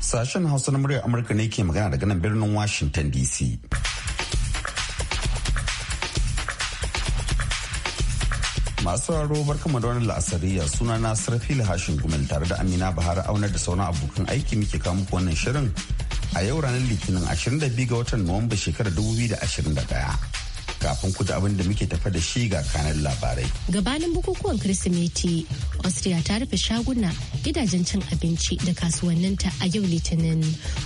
Sashen Hausa na muryar Amurka ne ke magana daga nan birnin Washington DC. Masu raro barkama da wani la'asariya suna na Sarfila Hashin Gumel tare da Amina Bahar Aunar da sauran abokan aiki muke kawo muku wannan shirin a yau ranar Litinin 22 ga watan Nuwamba shekarar 2021. kafin ku abin da muke tafa da shi ga kanan labarai. Gabanin bukukuwan Kirsimeti, Austria ta rufe shaguna, gidajen cin abinci da kasuwanninta a yau Litinin.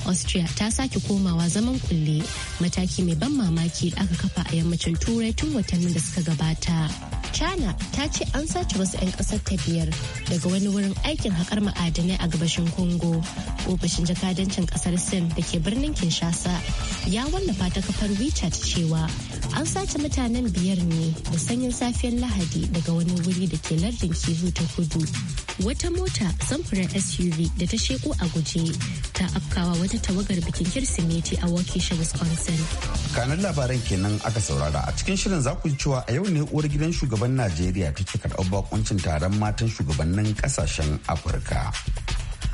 Austria ta sake komawa zaman kulle, mataki mai ban mamaki da aka kafa a yammacin Turai tun watannin da suka gabata. China ta ce an sace wasu 'yan ƙasar ta biyar daga wani wurin aikin haƙar ma'adinai a gabashin Congo. Ofishin jakadancin ƙasar Sin da ke birnin Kinshasa ya wallafa ta kafar WeChat cewa an sace mutanen biyar ne da sanyin safiyar lahadi daga wani wuri da ke lardin kivu ta kudu wata mota samfurin suv da ta sheko a guje ta afkawa wata tawagar bikin kirsimeti a waukesha wisconsin kanan labaran kenan aka saurara a cikin shirin za ku ji cewa a yau ne uwar gidan shugaban najeriya ke karɓar bakuncin taron matan shugabannin kasashen afirka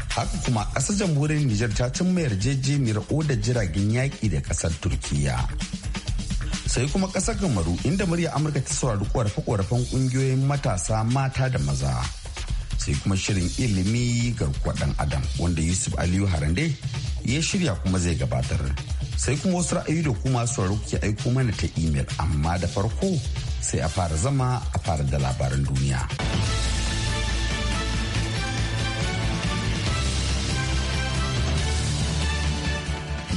haka kuma ƙasar jamhuriyar nijar ta cimma yarjejeniyar odar jiragen yaƙi da ƙasar turkiya sai kuma kasar gamaru inda murya amurka ta saurari korafe-korafen ƙungiyoyin matasa mata da maza sai kuma shirin ilimi garkuwa ɗan adam wanda yusuf aliyu harande ya shirya kuma zai gabatar sai kuma wasu ra'ayi da kuma saurari ke aiko mana ta imel amma da farko sai a fara zama a fara da labaran duniya.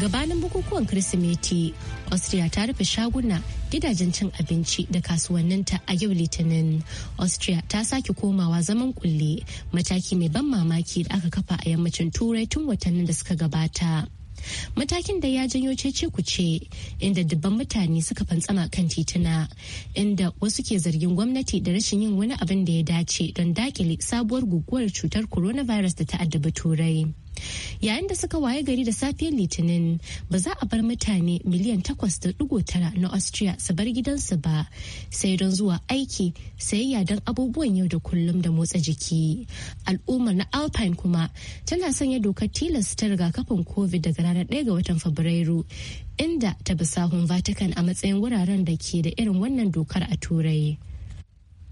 gabanin bukukuwan kirsimeti austria ta rufe shaguna gidajen cin abinci da kasuwanninta a yau litinin austria ta sake komawa zaman kulle mataki mai ban mamaki da aka kafa a yammacin turai tun watannin da suka gabata matakin da ya janyo cece ce inda dubban mutane suka fantsama kan tituna inda wasu ke zargin gwamnati da rashin yin wani abin da ya dace don dakile sabuwar guguwar cutar coronavirus da ta addabi turai yayin da suka waye gari da safiyar litinin ba za a bar mutane miliyan 8.9 na austria su bar gidansu ba sai don zuwa aiki sayayya don abubuwan yau da kullum da motsa jiki al'ummar na alpine kuma tana sanya dokar tilasta rigakafin covid daga ranar 1 ga watan fabrairu inda ta bi sahun vatican a matsayin wuraren da ke da irin wannan dokar a turai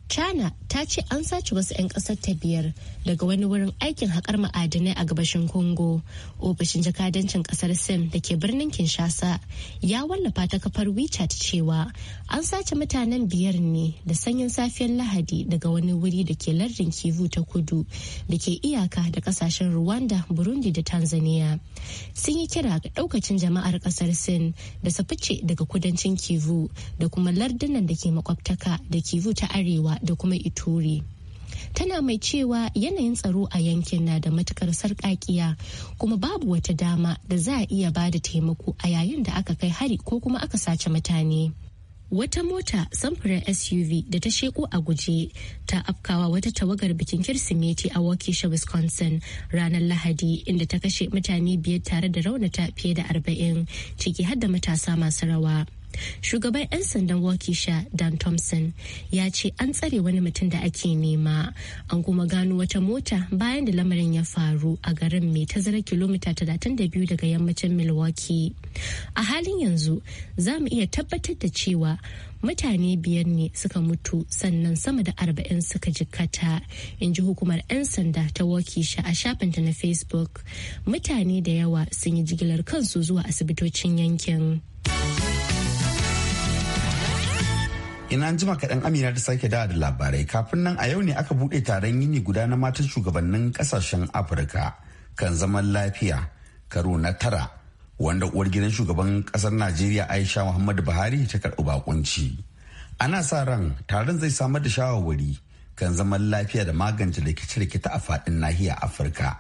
China ta ce an sace wasu 'yan ƙasar ta biyar daga wani wurin aikin haƙar ma'adinai a gabashin Congo. Ofishin jakadancin ƙasar Sin da ke birnin Kinshasa ya wallafa ta kafar WeChat cewa an sace mutanen biyar ne da sanyin safiyar Lahadi daga wani wuri da ke lardin Kivu ta kudu da ke iyaka da ƙasashen Rwanda, Burundi da Tanzania. Sun yi kira ga ɗaukacin jama'ar ƙasar Sin da su daga kudancin Kivu da kuma lardunan da ke makwabtaka da Kivu ta arewa da kuma Ituri. Tana mai cewa yanayin tsaro a yankin na da matukar sarƙaƙiya kuma babu wata dama da za a iya ba da taimako a yayin da aka kai hari ko kuma aka sace mutane. Wata mota samfurin SUV da ta sheko a guje ta afkawa wata tawagar bikin Kirsimeti a Waukesha, Wisconsin ranar Lahadi inda ta kashe mutane biyar tare da raunata fiye da arba'in ciki har da matasa masu rawa. shugaban 'yan sandan wakisha dan thompson ya ce an tsare wani mutum da ake nema an kuma gano wata mota bayan da lamarin ya faru a garin mai tazara kilomita 32 daga yammacin milwaukee a halin yanzu za mu iya tabbatar da cewa mutane biyar ne suka mutu sannan sama da arba'in suka jikkata in ji hukumar 'yan sanda ta wakisha a shafinta na facebook mutane da yawa sun yi jigilar kansu zuwa asibitocin yankin. ina jima kaɗan amina da sake dawa da labarai kafin nan a yau ne aka buɗe taron yini guda na matan shugabannin ƙasashen afirka kan zaman lafiya karo na tara wanda uwar gidan shugaban ƙasar najeriya aisha muhammadu buhari ta karɓi bakunci ana sa ran taron zai samar da shawarwari kan zaman lafiya da magance rikice-rikice a faɗin nahiyar afirka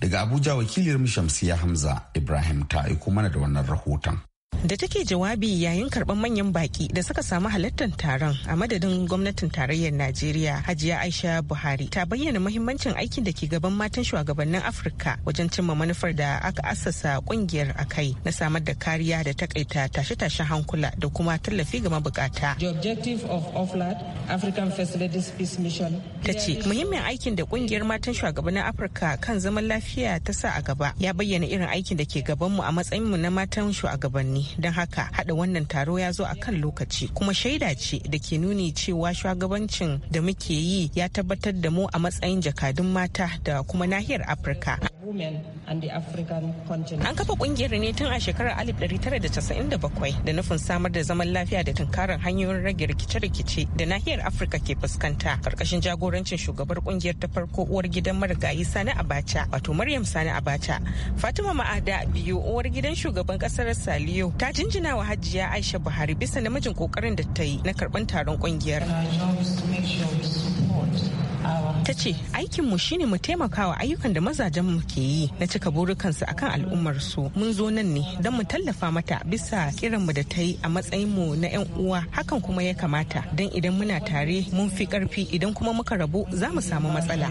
daga abuja wakiliyar shamsiya hamza ibrahim ta aiko mana da wannan rahoton da take jawabi yayin karɓar manyan baki da suka samu halartar taron a madadin gwamnatin tarayyar najeriya hajiya aisha buhari ta bayyana muhimmancin aikin da ke gaban matan shugabannin afirka wajen cimma manufar da aka assasa kungiyar a kai na samar da kariya da takaita tashe-tashen hankula da kuma tallafi ga mabukata ta ce muhimmin aikin da kungiyar matan shugabannin afirka kan zaman lafiya ta sa a gaba ya bayyana irin aikin da ke gabanmu a matsayinmu na matan shugabanni don haka hada wannan taro ya zo a kan lokaci kuma shaida ce da ke nuni cewa shugabancin da muke yi ya tabbatar da mu a matsayin jakadun mata da kuma nahiyar afirka An kafa kungiyar ne tun a shekarar 1997 da nufin samar da zaman lafiya da tunkarar hanyoyin rage rikice-rikice da nahiyar Afirka ke fuskanta karkashin jagorancin shugabar kungiyar ta farko uwar gidan marigayi Sani Abacha wato Maryam Sani Abacha. Fatima Ma'ada biyu uwar gidan shugaban kasar Saliyo ta jinjina wa hajiya aisha buhari bisa namijin kokarin da ta yi na karban taron kungiyar ta ce aikinmu shine mu taimaka wa ayyukan da mazajen mu ke yi na cika burukansu akan al'ummar su mun zo nan ne don mu tallafa mata bisa kiranmu da ta yi a matsayinmu na 'yan uwa hakan kuma ya kamata don idan muna tare mun fi karfi idan kuma muka rabu za mu samu matsala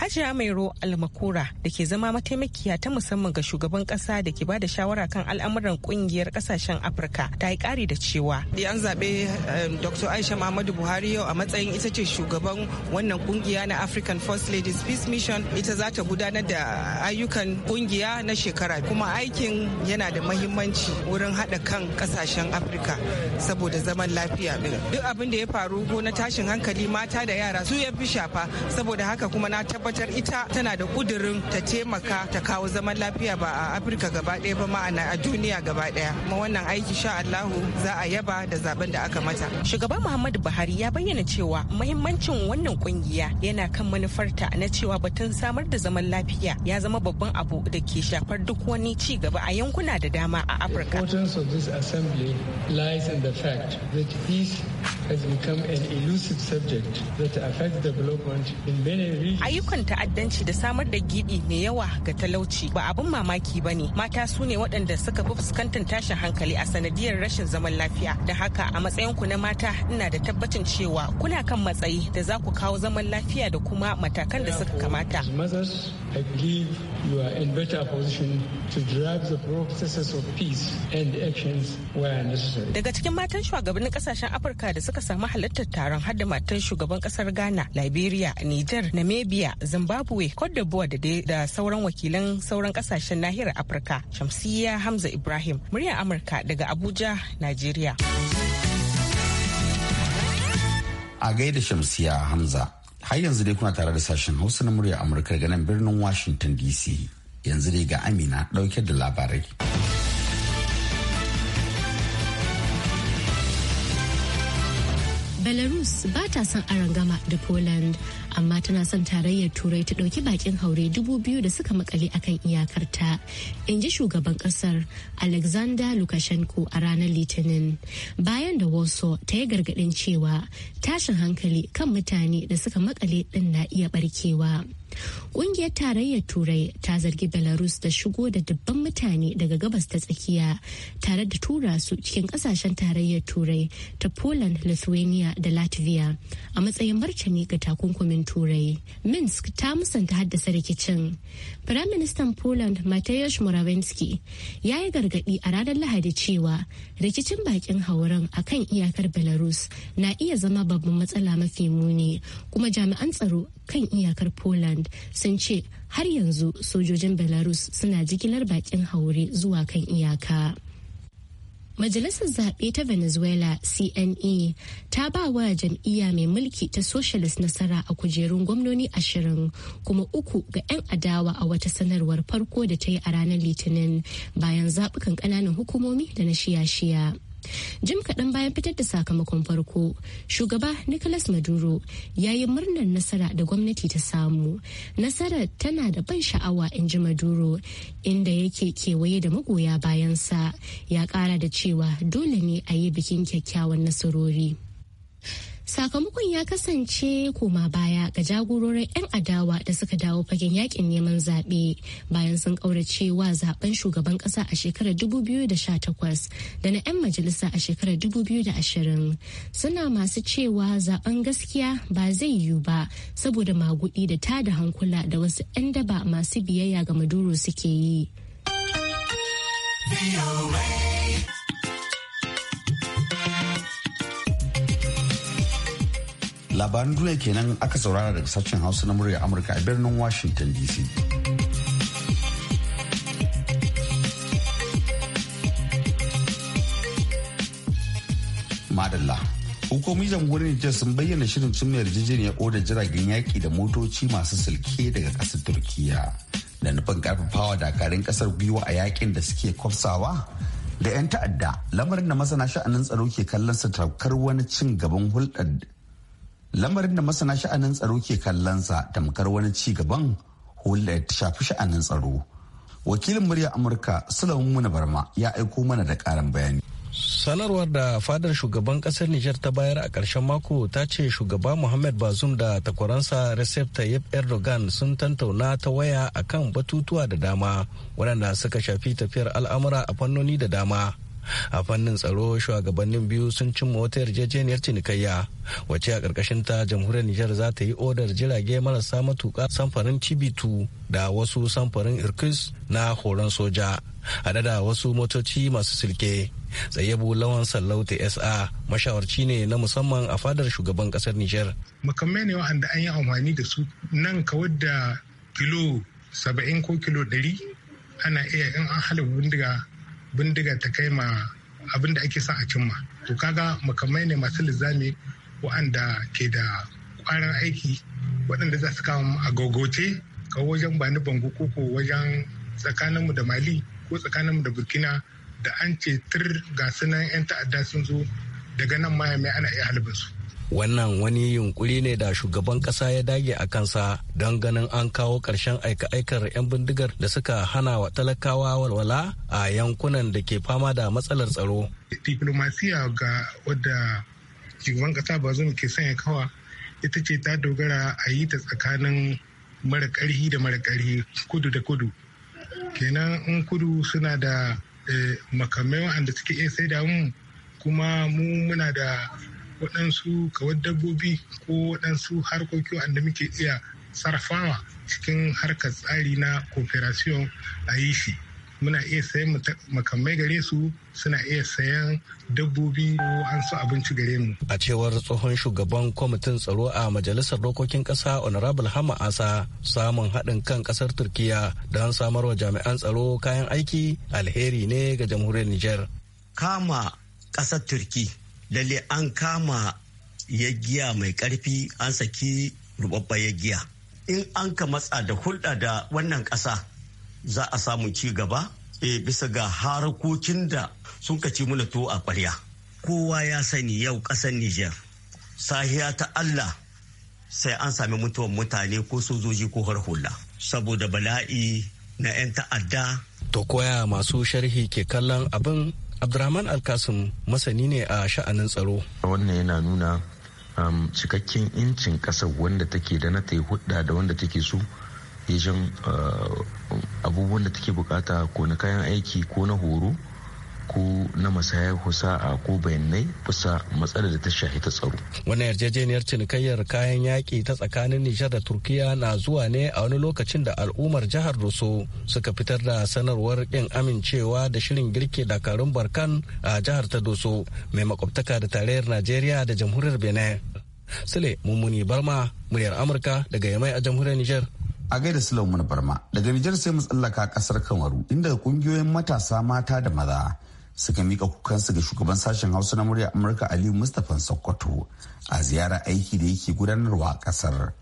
Hajiya Mairo Almakura da ke zama mataimakiya ta musamman ga shugaban kasa da ke bada shawara kan al'amuran kungiyar kasashen Afirka ta yi kari da cewa. An zaɓe eh, Dr. Aisha Muhammadu Buhari yau a matsayin ita ce shugaban wannan kungiya na African First Ladies Peace Mission ita za ta gudanar da ayyukan kungiya na shekara kuma aikin yana da mahimmanci wurin haɗa kan kasashen Afirka saboda zaman lafiya Duk abin da ya faru ko na tashin hankali mata da yara su ya fi shafa saboda haka kuma na tabbatar tabbatar ita tana da kudirin ta taimaka ta kawo zaman lafiya ba a afirka gaba ɗaya ba ma'ana a duniya gaba ɗaya kuma wannan aiki sha allahu za a yaba da zaben da aka mata shugaban muhammadu buhari ya bayyana cewa mahimmancin wannan kungiya yana kan manufarta na cewa batun samar da zaman lafiya ya zama babban abu da ke shafar duk wani ci gaba a yankuna da dama a afirka ayyukan wannan ta'addanci da samar da gibi mai yawa ga talauci ba abin mamaki ba ne mata su ne waɗanda suka fi fuskantar tashin hankali a sanadiyar rashin zaman lafiya da haka a matsayin ku na mata ina da tabbacin cewa kuna kan matsayi da za ku kawo zaman lafiya da kuma matakan da suka kamata. you are in better position to drive the processes of peace and actions where necessary. Daga cikin matan shugabannin kasashen Afirka da suka samu halartar taron hada matan shugaban kasar Ghana, Liberia, Niger, Namibia, Zimbabwe, Cote d'Ivoire da da sauran wakilan sauran kasashen nahiyar Afirka. Shamsiyya Hamza Ibrahim, murya Amurka daga Abuja, Najeriya. A gaida shamsiya Hamza. Har yanzu dai kuna tare da sashen Hausa na murya Amurka ganin birnin Washington DC. Yanzu dai ga Amina ɗauke da labarai. belarus ba ta son arangama da poland amma tana son tarayyar turai ta dauki bakin haure dubu biyu da suka makale akan iyakarta in ji shugaban kasar alexander lukashenko a ranar litinin bayan da warsaw ta yi gargadin cewa tashin hankali kan mutane da suka makale din na iya barkewa. Ƙungiyar Tarayyar Turai ta zargi Belarus da shigo da dubban mutane daga gabas ta tsakiya tare da tura su cikin ƙasashen Tarayyar Turai ta Poland, Lithuania da Latvia a matsayin martani ga takunkumin Turai. Minsk ta musanta haddasa rikicin. Firaministan Poland Mateusz Morawiecki ya yi gargaɗi a ranar Lahadi cewa rikicin bakin hauren a kan iyakar Belarus na iya zama babban matsala mafi muni kuma jami'an tsaro kan iyakar poland sun ce har yanzu sojojin belarus suna jigilar bakin haure zuwa kan iyaka Majalisar Zaɓe ta Venezuela CNE ta ba wa jam'iyya mai mulki ta Socialist nasara a kujerun gwamnoni ashirin kuma uku ga 'yan adawa a wata sanarwar farko da ta yi a ranar Litinin bayan zaɓukan ƙananan hukumomi da na shiya-shiya. jim kaɗan bayan fitar da sakamakon farko shugaba nicholas maduro ya yi murnar nasara da gwamnati ta samu nasara tana da ban sha'awa in ji maduro inda yake kewaye da magoya bayansa ya ƙara da cewa dole ne a yi bikin kyakkyawan nasarori. Sakamakon ya kasance koma baya ga jagororin 'yan adawa da suka dawo fagen yakin neman zaɓe bayan sun ƙaurace wa zaben shugaban ƙasa a shekarar 2018 da na 'yan majalisa a shekarar 2020 suna masu cewa zaben gaskiya ba zai yiwu ba saboda magudi da ta da hankula da wasu 'yan daba masu biyayya ga Maduro suke yi. labaran duniya kenan aka saurara daga sashen hausa na muryar amurka a birnin washington dc madalla hukumomi jamhuriyar nijar sun bayyana shirin cin yarjejeniyar odar jiragen yaƙi da motoci masu silke daga ƙasar turkiya da nufin karfafawa dakarun ƙasar gwiwa a yaƙin da suke kwafsawa da 'yan ta'adda lamarin da masana sha'anin tsaro ke kallon sa tamkar wani cin gaban hulɗar lamarin da masana sha'anin tsaro ke kallonsa tamkar wani ci gaban hulɗa ta shafi sha'anin tsaro wakilin murya amurka sulaiman muna barma ya aiko mana da ƙarin bayani sanarwar da fadar shugaban ƙasar Nijar ta bayar a ƙarshen mako ta ce shugaba Muhammad Bazum da takwaransa Recep Tayyip Erdogan sun tantauna ta waya akan batutuwa da dama waɗanda suka shafi tafiyar al'amura a fannoni da dama. a fannin tsaro shugabannin biyu sun cimma wata yarjejeniyar cinikayya wacce a ƙarƙashin ta jamhuriyar nijar za ta yi odar jirage marasa matuƙa samfarin tb da wasu samfarin irkis na horon soja haɗe da wasu motoci masu silke tsayyabu lawan sallauta sa mashawarci ne na musamman a fadar shugaban ƙasar nijar makamai ne wa'anda an yi amfani da su nan kawar da kilo saba'in ko kilo ɗari ana iya in an halin bindiga bindiga ta kai ma abin da ake son a cimma to kaga makamai ne masu lizami wa'anda ke da ƙwarin aiki waɗanda za su kawo a gogoce ka wajen bani bango ko wajen tsakaninmu da mali ko tsakaninmu da burkina da an ce tur ga sunan 'yan ta'adda sun zo daga nan ma mai ana iya su wannan wani yunkuri ne da shugaban kasa ya dage a kansa don ganin an kawo karshen aika-aikar 'yan bindigar da suka hana wa talakawa walwala a yankunan da ke fama da matsalar tsaro. diplomasiya ga wadda shugaban kasa ba ke sanya kawa ita ce ta dogara a yi ta tsakanin mara ƙarhi da mara karhi kudu da kudu kenan in kudu suna da eh, makamai wa'anda suke iya sai da mu kuma mu muna da waɗansu kawar dabbobi ko waɗansu harkoki wanda muke iya sarrafawa cikin harkar tsari na cooperation a yi shi muna iya sayan makamai gare su suna iya sayan dabbobi ko an su abinci gare mu. A cewar tsohon shugaban kwamitin tsaro a majalisar dokokin ƙasa Honorable Hama Asa samun haɗin kan ƙasar Turkiya don samar wa jami'an tsaro kayan aiki alheri ne ga jamhuriyar Nijar. Kama ƙasar Turki lalle an kama yagiya mai karfi an saki rubabba giya. in an ka matsa da hulɗa da wannan ƙasa za a samu ci gaba e bisa ga harkokin da sun kaci muna to a ƙwarya kowa ya sani yau ƙasar niger sahiya ta allah sai an sami mutuwan mutane ko sojoji ko har hula saboda bala'i na 'yan ta'adda to koya masu sharhi ke kallon abin abdurrahman alkasim masani ne a sha'anin tsaro wannan yana nuna um, cikakken incin ƙasar wanda take da na ta yi hudda da wanda take so yajin uh, abubuwan da take bukata ko na kayan aiki ko na horo ko na musayar husa'a ko bayanai kusa matsalar da ta shahi ta tsaro. Wannan yarjejeniyar cinikayyar kayan yaƙi ta tsakanin Nijar da Turkiya na zuwa ne a wani lokacin da al'ummar jihar Doso suka fitar da sanarwar ƙin amincewa da shirin girke dakarun Barkan a jihar ta Doso mai makwabtaka da tarayyar Najeriya da jamhuriyar Benin. Sule Mummuni Barma, muryar Amurka daga Yamai a jamhuriyar Nijar. a gaida Sulaiman Barma daga Nijar sai mu tsallaka kasar Kamaru inda kungiyoyin matasa mata da maza suka mika kukansu ga shugaban sashen hausa na murya amurka aliyu mustapha sokoto a ziyarar aiki da yake gudanarwa a kasar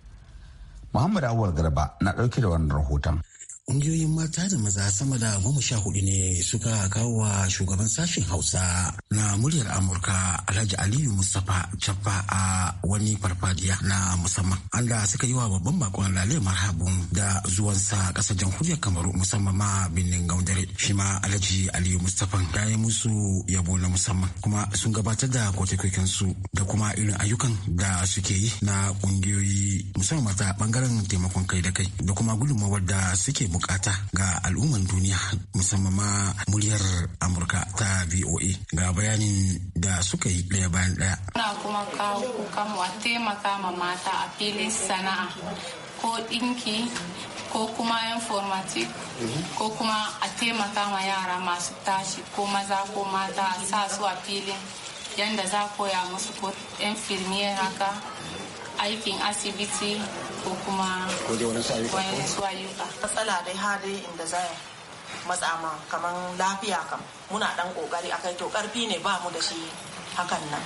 muhammad awal garba na ɗauke da wannan rahoton ƙungiyoyin mata da maza sama da goma sha hudu ne suka kawo wa shugaban sashen hausa na muryar amurka alhaji aliyu mustapha cappa a wani farfadiya na musamman anda suka yi wa babban bakon lale marhabun da zuwansa kasar jamhuriyar kamaru musamman ma birnin gaudare shi ma alhaji aliyu mustapha ya yi musu yabo na musamman kuma sun gabatar da kwatakwakin su da kuma irin ayyukan da suke yi na kungiyoyi musamman mata bangaren taimakon kai da kai da kuma gudunmawar da suke bukata ga al'umman duniya musamman ma muryar amurka ta voa ga bayanin da suka yi ɗaya bayan ɗaya. Ana kuma kawo kukan wa taimaka ma mata a filin sana'a ko ɗinki ko kuma informatic ko kuma a taimaka ma yara masu tashi ko maza ko mata a sa su a filin yadda za koya musu ko yan haka aikin asibiti ko kuma wani su ayyuka. Matsala dai har inda zaya. matsama kamar lafiya kam muna dan kokari akai to karfi ne ba mu da shi hakan nan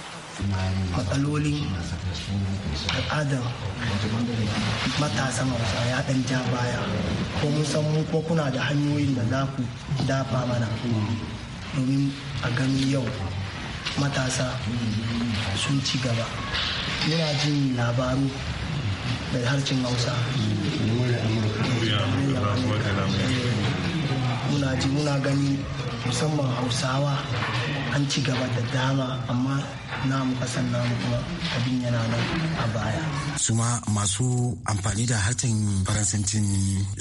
matsalolin al'adar matasan hausa ya dan ja baya ko mun san mu ko kuna da hanyoyin da za ku dafa mana domin a gani yau matasa sun ci gaba muna jin labaru da harshen hausa muna ji muna gani musamman hausawa an ci gaba da dama amma namu kasan namu kuma abin yana nan a baya. su ma masu amfani da harshen faransancin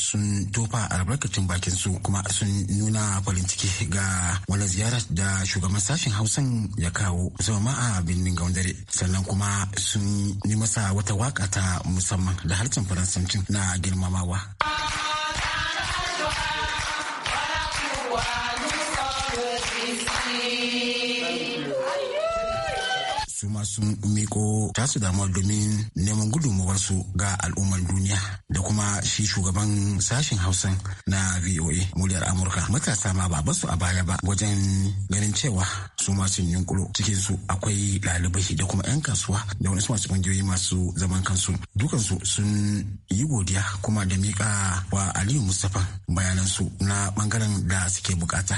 sun tofa albarkacin bakin su kuma sun nuna farin ciki ga wani ziyara da shugaban sashen hausan ya kawo musamman a birnin gaundare sannan kuma sun yi masa wata waka ta musamman da harshen faransancin na girmamawa. sun miko tasu damar domin neman su ga al'ummar duniya da kuma shi shugaban sashen hausan na voa muryar amurka matasa ma ba basu a baya ba wajen ganin cewa su masu sun cikin su akwai ɗalibai da kuma 'yan kasuwa da wani masu ƙungiyoyi masu zaman kansu dukansu sun yi godiya kuma da miƙa wa aliyu mustapha bayanansu na bangaren da suke bukata.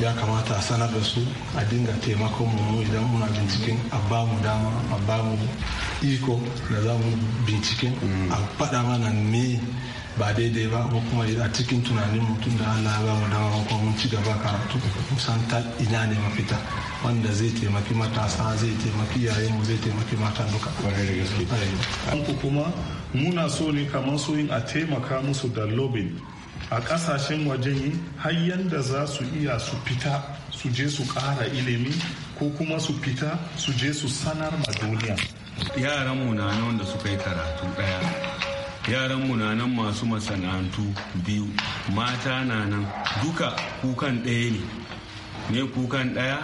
ya kamata a sanar da su a dinga taimakon mu idan muna binciken a bamu dama a ba mu iko da za mu bincike a faɗa mana me ba daidai ba ko kuma a cikin tunanin mutum da Allah ba mu dama ko mun ci gaba karatu kusan ta ina ne mafita wanda zai taimaki matasa zai taimaki yayin mu zai taimaki matan duka kuma muna so ne kamar so a taimaka musu da lobin a kasashen wajen har yanda za su iya su fita su je su kara ilimi ko kuma su fita su je su sanar ma duniya yaran munanan na suka yi karatu daya yaran mu na masu masana'antu biyu mata na nan duka kukan ɗaya ne ne kukan ɗaya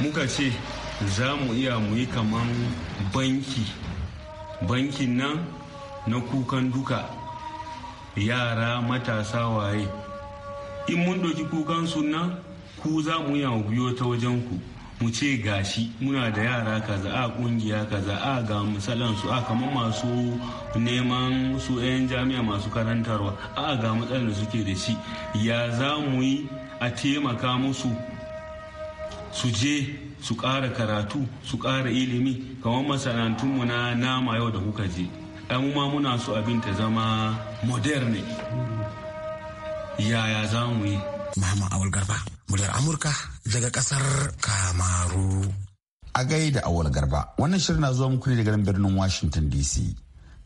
muka ce za mu iya mu yi kaman banki bankin nan na kukan duka yara matasa waye in mun ɗauki kukan sunan ku za mu yi biyo ta wajen ku mu ce gashi muna da yara kaza a kungiya kaza a ga misalansu a kamar masu neman su 'yan jami'a masu karantarwa a ga matsalar da suke da shi ya za mu yi a taimaka musu su je su ƙara karatu su ƙara ilimi kamar mu na nama yau da kuka je mu ma muna su abin ta zama moderne yaya za mu yi Awul Garba muryar Amurka daga kasar Kamaru. A da awal garba, wannan shirin na zuwa muku ne daga birnin Washington DC.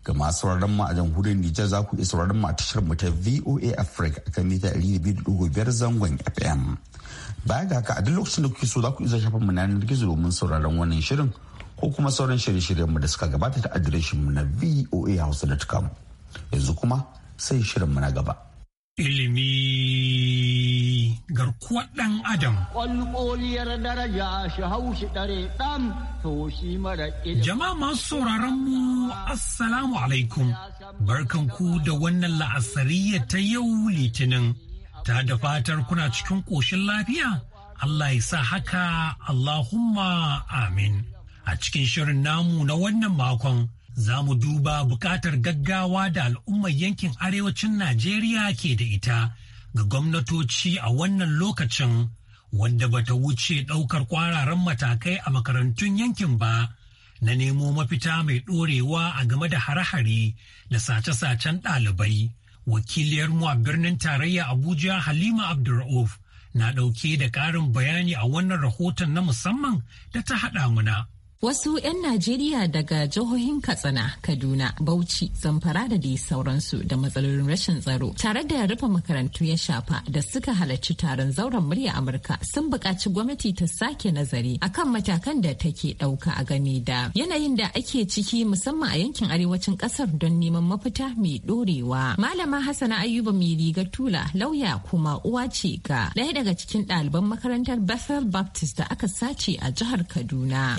Ga masu sauraron mu a jamhuriyar Nijar za ku iya sauraron mu a tashar mu ta VOA Africa akan mita 200.5 zangon FM. Baya ga haka a duk lokacin da kuke so za ku iya shafin mu na yanar gizo domin sauraron wannan shirin ko kuma sauran shirye-shiryen mu da suka gabata ta adireshin mu na VOA voahausa.com. Yanzu kuma sai shirin mu na gaba. Ilimi garkuwar ɗan adam. Ƙwalƙoliyar daraja shi Jama'a masu sauraron mu Assalamu alaikum. Barkan ku da wannan la'asariya ta yau litinin. Ta da fatar kuna cikin ƙoshin lafiya? Allah ya sa haka Allahumma amin. A cikin shirin namu na wannan makon. za mu duba bukatar gaggawa da al'ummar yankin arewacin Najeriya ke da ita ga gwamnatoci a wannan lokacin wanda bata wuce ɗaukar kwararan matakai a makarantun yankin ba na nemo mafita mai ɗorewa a game da hare-hare da sace-sacen ɗalibai. Wakiliyarmu a birnin tarayya Abuja Halima Abdulrauf na ɗauke da ƙarin bayani a wannan rahoton na musamman da ta haɗa muna. Wasu 'yan Najeriya daga jihohin Katsina, Kaduna, Bauchi, Zamfara da dai sauransu da matsalolin rashin tsaro tare da rufe makarantu ya shafa da suka halarci taron zauren murya Amurka sun buƙaci gwamnati ta sake nazari akan matakan da take ɗauka a gani da yanayin da ake ciki musamman a yankin arewacin ƙasar don neman mafita mai ɗorewa. Malama Hassana Ayuba mai riga tula lauya kuma uwa ce ga ɗaya daga cikin ɗaliban makarantar Bethel Baptist da aka sace a jihar Kaduna.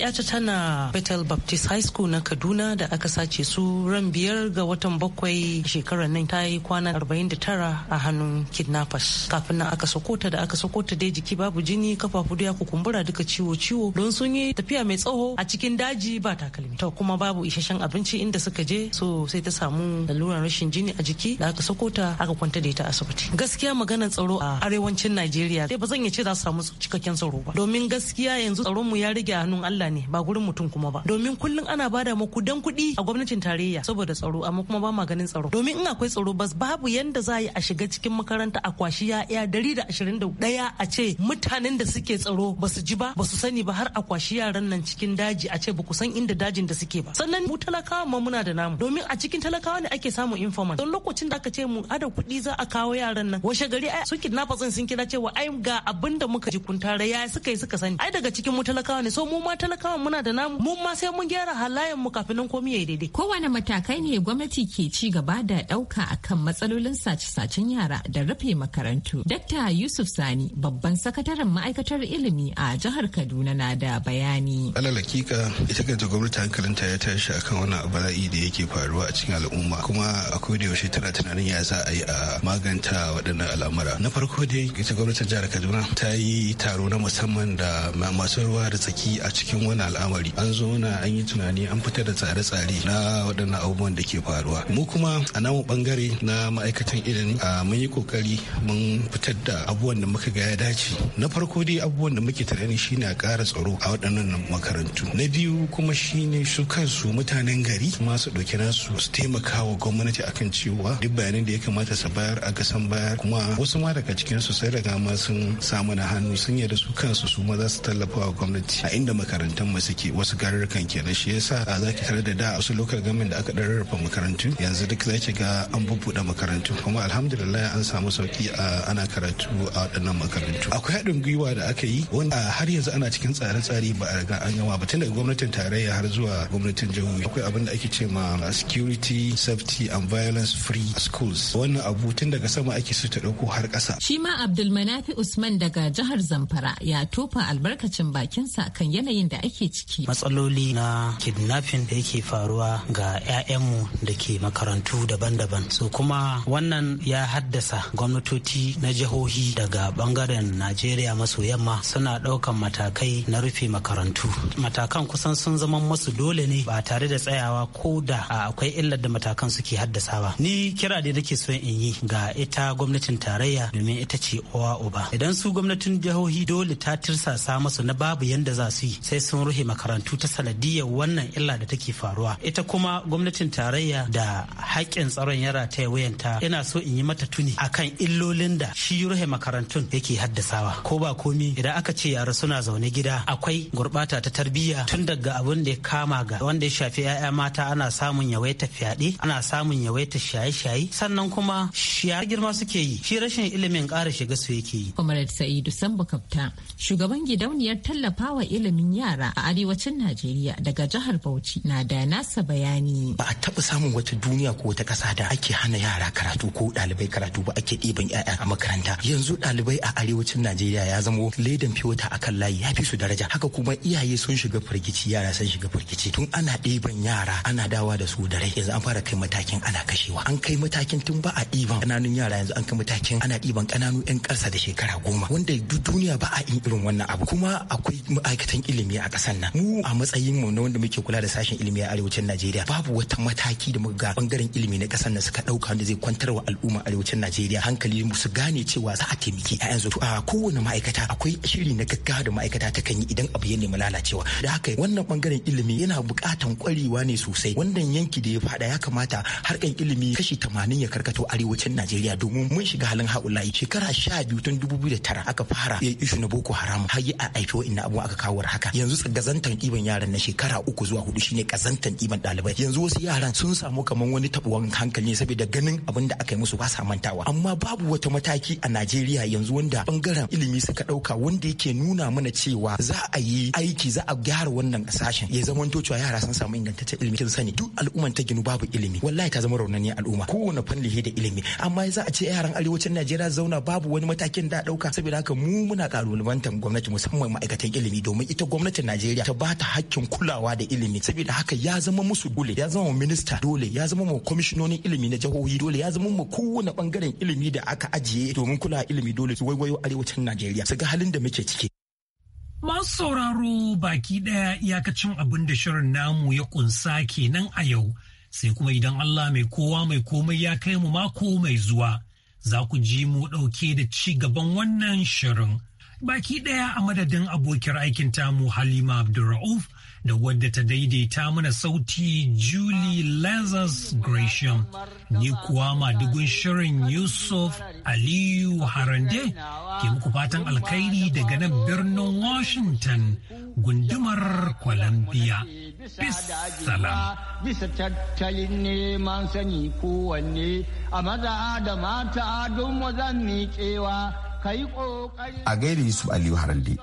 na Bethel Baptist High School na Kaduna da aka sace su ran biyar ga watan bakwai shekarar nan ta yi kwana 49 a hannun kidnappers. Kafin nan aka sokota da aka sokota dai jiki babu jini kafafu da ya kukumbura duka ciwo-ciwo don sun yi tafiya mai tsawo a cikin daji ba takalmi. To kuma babu isasshen abinci inda suka je so sai ta samu laluran rashin jini a jiki da aka sokota aka kwanta da ita asibiti. Gaskiya maganar tsaro a arewacin Najeriya dai ba zan iya ce za su samu cikakken tsaro ba. Domin gaskiya yanzu tsaronmu ya rage a hannun Allah ne ba gurin wurin mutum kuma ba domin kullum ana bada muku kudan kuɗi a gwamnatin tarayya saboda tsaro amma kuma ba maganin tsaro domin in akwai tsaro bas babu yanda za a shiga cikin makaranta a kwashi ya'ya dari da ashirin da ɗaya a ce mutanen da suke tsaro ba su ji ba ba su sani ba har a kwashi yaran nan cikin daji a ce ba ku san inda dajin da suke ba sannan mu talakawa ma muna da namu domin a cikin talakawa ne ake samun informant don lokacin da aka ce mu ada kuɗi za a kawo yaran nan washe gari ai kidnapa kidnappers sun kira cewa ai ga abin da muka ji kun tare ya suka yi suka sani ai daga cikin mu talakawa ne so mu ma talakawa muna da da namu mun ma sai mun gyara halayen mu kafin nan komai yai daidai kowane matakai ne gwamnati ke ci gaba da dauka akan matsalolin sace-sacen yara da rufe makarantu Dr yusuf sani babban sakataren ma'aikatar ilimi a jihar kaduna na da bayani alal hakika ita kanta gwamnati hankalinta ya tashi akan wani bala'i da yake faruwa a cikin al'umma kuma akwai da yaushe tana tunanin ya za a yi a maganta waɗannan al'amura na farko dai ita gwamnatin jihar kaduna ta yi taro na musamman da masu ruwa da tsaki a cikin wani al'amura. an zo na an yi tunani an fitar da tsare-tsare na waɗannan abubuwan da ke faruwa mu kuma a namu bangare na ma'aikatan ilimi a mun yi kokari mun fitar da abubuwan da muka ga ya dace na farko dai abubuwan da muke tunani shine a ƙara tsaro a waɗannan makarantu na biyu kuma shine su kansu mutanen gari masu ɗauki nasu su taimaka wa gwamnati akan cewa duk bayanan da ya kamata su bayar a gasan bayar kuma wasu ma daga cikin su sai daga ma sun samu na hannu sun yarda su kansu su ma za su tallafa wa gwamnati a inda makarantan mu suke Wasu wasu garurukan kenan shi yasa za ki tare da da wasu lokal gamin da aka rarrafa makarantu yanzu duk za ki ga an bubbuɗe makarantu kuma alhamdulillah an samu sauki a ana karatu a waɗannan makarantu akwai haɗin gwiwa da aka yi wanda har yanzu ana cikin tsare-tsare ba a riga an gama ba tun daga gwamnatin tarayya har zuwa gwamnatin jihohi akwai abin da ake ce ma security safety and violence free schools wannan abu tun daga sama ake su ta ɗauko har ƙasa shi ma abdulmanafi usman daga jihar zamfara ya tofa albarkacin bakinsa kan yanayin da ake ciki matsaloli na kidnapping da yake faruwa ga 'ya'yanmu da ke makarantu daban-daban so kuma wannan ya haddasa gwamnatoci na jihohi daga bangaren najeriya maso yamma suna ɗaukan matakai na rufe makarantu matakan kusan sun zama masu dole ne ba tare da tsayawa ko da akwai illar da matakan suke haddasa ba ni kira da nake so in yi ga ita gwamnatin tarayya domin ita ce uwa uba idan su gwamnatin jihohi dole ta tirsasa masu na babu yanda za su yi sai sun rufe makarantu makarantu ta sanadiyar wannan illa da take faruwa ita kuma gwamnatin tarayya da haƙƙin tsaron yara ta wayanta ina so in yi mata tuni akan illolin da shi ruhe makarantun yake haddasawa ko ba komi idan aka ce yara suna zaune gida akwai gurbata ta tarbiyya tun daga abin da ya kama ga wanda ya shafi 'ya'ya mata ana samun yawaita fyaɗe ana samun yawaita shaye-shaye sannan kuma shiya girma suke yi shi rashin ilimin ƙara shiga su yake yi. Comrade Sa'idu Sambu kabta shugaban gidauniyar tallafawa ilimin yara a arewa arewacin Najeriya daga jihar Bauchi na da nasa bayani. Ba a taɓa samun wata duniya ko wata ƙasa da ake hana yara karatu ko ɗalibai karatu ba ake ɗiban 'ya'ya a makaranta. Yanzu ɗalibai a arewacin Najeriya ya zamo ledan fiwata a kan layi ya fi su daraja. Haka kuma iyaye sun shiga firgici yara sun shiga firgici. Tun ana ɗiban yara ana dawa da su da rai yanzu an fara kai matakin ana kashewa. An kai matakin tun ba a ɗiban ƙananun yara yanzu an kai matakin ana ɗiban ƙananu 'yan ƙasa da shekara goma. Wanda duk duniya ba a yin irin wannan abu. Kuma akwai ma'aikatan ilimi a ƙasar nan. mu a matsayin mu na wanda muke kula da sashen ilimi a arewacin Najeriya babu wata mataki da muka ga bangaren ilimi na kasar nan suka dauka wanda zai kwantar wa al'umma arewacin Najeriya hankali mu su gane cewa za a taimaki a yanzu a kowane ma'aikata akwai shiri na gaggawa da ma'aikata ta kan yi idan abu ya nemi lalacewa da haka wannan bangaren ilimi yana bukatan kwarewa ne sosai wannan yanki da ya fada ya kamata harkan ilimi kashi tamanin ya karkato arewacin Najeriya domin mun shiga halin haulayi shekara sha biyu tun dubu da tara aka fara ya ishu na Boko Haram har yi a aifi wa'annan abu aka kawo haka yanzu tsagazanta akan ɗiban yaran na shekara uku zuwa hudu shine kazantan ɗiban ɗalibai yanzu wasu yaran sun samu kamar wani tabuwan hankali saboda ganin abin da aka yi musu ba sa mantawa amma babu wata mataki a Najeriya yanzu wanda bangaren ilimi suka ɗauka wanda yake nuna mana cewa za a yi aiki za a gyara wannan sashen ya zama to cewa yara sun samu ingantaccen ilimi kin sani duk al'umman ta ginu babu ilimi wallahi ta zama raunaniyar al'umma kowane fanni da ilimi amma za a ce yaran arewacin Najeriya zauna babu wani matakin da ɗauka saboda haka mu muna kalubalantar gwamnati musamman ma'aikatan ilimi domin ita gwamnatin Najeriya ta ba ta hakkin kulawa da ilimi saboda haka ya zama musu dole ya zama minista dole ya zama mu kwamishinonin ilimi na jihohi dole ya zama mu kowane bangaren ilimi da aka ajiye domin kulawa ilimi dole su waiwayo arewacin Najeriya su ga halin da muke ciki Masu sauraro baki daya iyakacin abin da shirin namu ya kunsa kenan a yau, sai kuma idan Allah mai kowa mai komai ya kai mu mako mai zuwa, za ku ji mu dauke da ci gaban wannan shirin. baki ɗaya a madadin abokiyar aikin tamu Halima Abdulra'uf da wadda ta daidaita mana sauti Julie Lazarus Gresham. Ni kuwa madugun shirin Yusuf Aliyu Harande ke muku fatan alkhairi daga nan birnin Washington gundumar Columbia. Bisa tattalin neman sani kowanne a maza da mata don wazan miƙewa. a gaida yusuf aliyu harande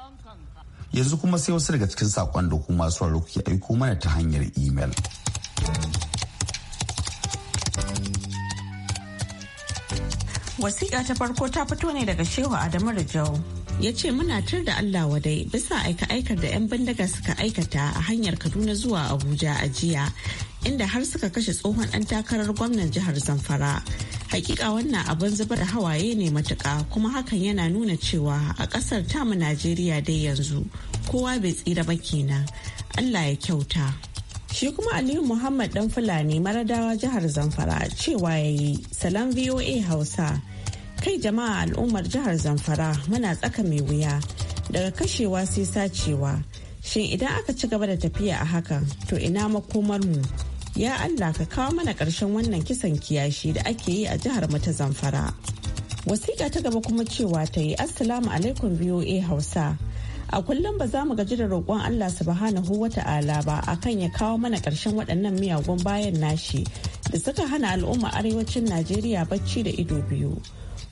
yanzu kuma sai wasu daga cikin saƙon da kuma masu raro ke aiko mana ta hanyar imel wasiƙa ta farko ta fito ne daga shehu adamu rijau ya ce muna tur da Allah wadai bisa aika-aikar da 'yan bindiga suka aikata a hanyar Kaduna zuwa Abuja a jiya inda har suka kashe tsohon ɗan takarar gwamnan jihar Zamfara. hakika wannan abin zubar da hawaye ne matuka kuma hakan yana nuna cewa a kasar tamu najeriya dai yanzu kowa bai tsira ba kenan allah ya kyauta shi kuma aliyu muhammad dan fulani maradawa jihar zamfara cewa ya yi salam voa hausa kai jama'a al'ummar jihar zamfara muna tsaka mai wuya daga kashewa sai sacewa shin idan aka ci gaba da tafiya a hakan to ina makomar mu ya Allah ka kawo mana ƙarshen wannan kisan kiyashi da ake yi a jihar mu ta Zamfara. Wasiƙa ta gaba kuma cewa ta yi Assalamu alaikum VOA Hausa. A kullum ba za mu gaji da roƙon Allah su subhanahu wa ta'ala ba akan ya kawo mana ƙarshen waɗannan miyagun bayan nashi da suka hana al'umma arewacin Najeriya bacci da ido biyu.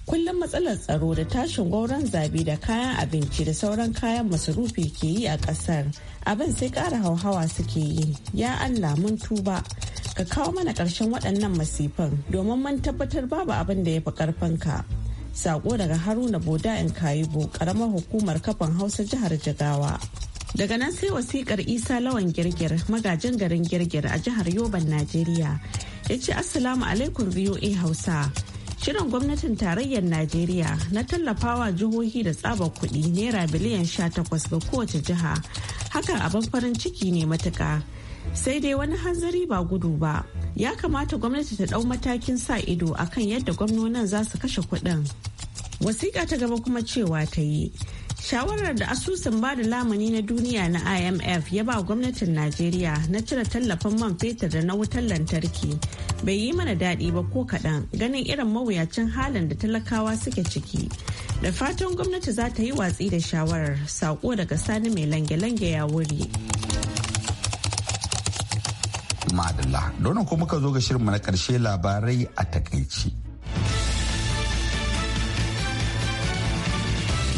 kullum matsalar tsaro da tashin gwauron zabi da kayan abinci da sauran kayan masarufi ke yi a kasar abin sai kara hauhawa suke yi ya allah mun tuba ka kawo mana karshen waɗannan masifan domin mun tabbatar babu abin da ya fi karfinka sako daga haruna boda in kayi bo karamar hukumar kafan hausa jihar jigawa daga nan sai wasikar isa lawan girgir magajin garin girgir a jihar yoban najeriya ya ce assalamu alaikum voa hausa Shirin gwamnatin tarayyar Najeriya na tallafawa jihohi da tsaba kuɗi naira biliyan sha takwas ga kowace jiha. Haka abin farin ciki ne matuka. Sai dai wani hanzari ba gudu ba. Ya kamata gwamnati ta ɗau matakin sa ido akan yadda gwamnonin za su kashe kuɗin. Wasiƙa ta gaba kuma cewa ta yi. shawarar da asusun ba da lamuni na duniya na imf ya ba gwamnatin najeriya na cire tallafin man fetur da na wutar lantarki bai yi mana daɗi ba ko kaɗan ganin irin mawuyacin halin da talakawa suke ciki da fatan gwamnati za ta yi watsi da shawarar saƙo daga sani mai lange-lange ya wuri madalla don ko muka zo ga shirinmu na ƙarshe labarai a takaici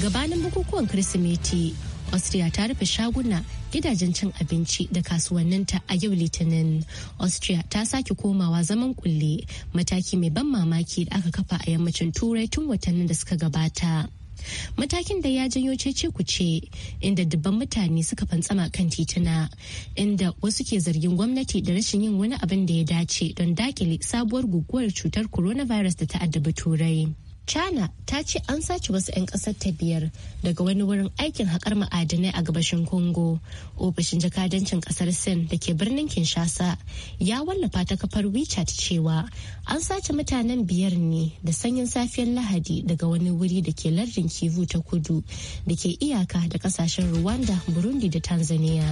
gabanin bukukuwan kirsimeti austria ta rufe shaguna gidajen cin abinci da kasuwanninta a yau litinin austria ta sake komawa zaman kulle mataki mai ban mamaki da aka kafa a yammacin turai tun watannin da suka gabata matakin da ya janyo cece ce inda dubban mutane suka fantsama kan tituna inda wasu ke zargin gwamnati da rashin yin wani abin da ya dace don dakile sabuwar guguwar cutar coronavirus da ta addabi turai China ta ce an sace wasu 'yan ƙasar ta biyar daga wani wurin aikin haƙar ma'adinai a gabashin Congo. Ofishin jakadancin ƙasar Sin da ke birnin Kinshasa ya wallafa ta kafar WeChat cewa an sace mutanen biyar ne da sanyin safiyar Lahadi daga wani wuri da ke lardin Kivu ta kudu da ke iyaka da ƙasashen Rwanda, Burundi da Tanzania.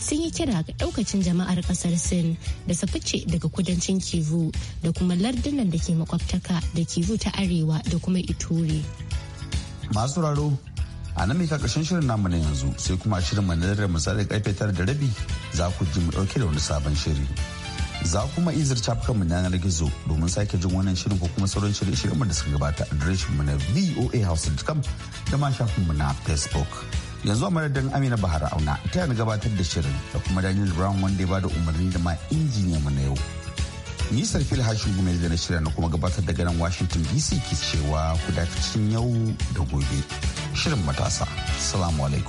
sun yi kira ga daukacin jama'ar ƙasar sin da su fice daga kudancin kivu da kuma lardunan da ke makwabtaka da kivu ta arewa da kuma Ituri. Masu raro a nan mika ƙarshen shirin namu na yanzu sai kuma shirin mu na misalin karfe tara da rabi za ku ji mu ɗauke da wani sabon shiri. Za kuma izir cafukan mu yanar gizo domin sake jin wannan shirin ko kuma sauran shirin shirin mu da suka gabata adireshin mu na voahouse.com da ma shafin mu na Facebook. Yanzu a madadin Amina Bahar Auna ta yana gabatar da shirin da kuma Daniel Brown wanda ya bada umarni da ma injiniya mu na yau. Nisar fil hashin gumel da na shirya na kuma gabatar da ganin Washington DC ke cewa ku cikin yau da gobe. Shirin matasa. Salamu alaikum.